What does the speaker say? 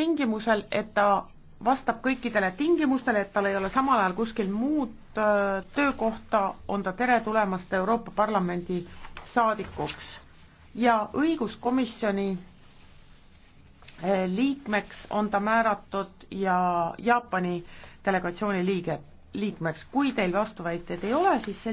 tingimusel, et ta vastab kõikidele tingimustele, et tal ei ole samal ajal kuskil muud äh, töökohta, on ta tere tulemast Euroopa Parlamendi saadikuks. ja õiguskomisjoni äh, liikmeks on ta määratud ja Jaapani delegatsiooni liige, liikmeks. kui teil vastuväiteid ei ole, siis selline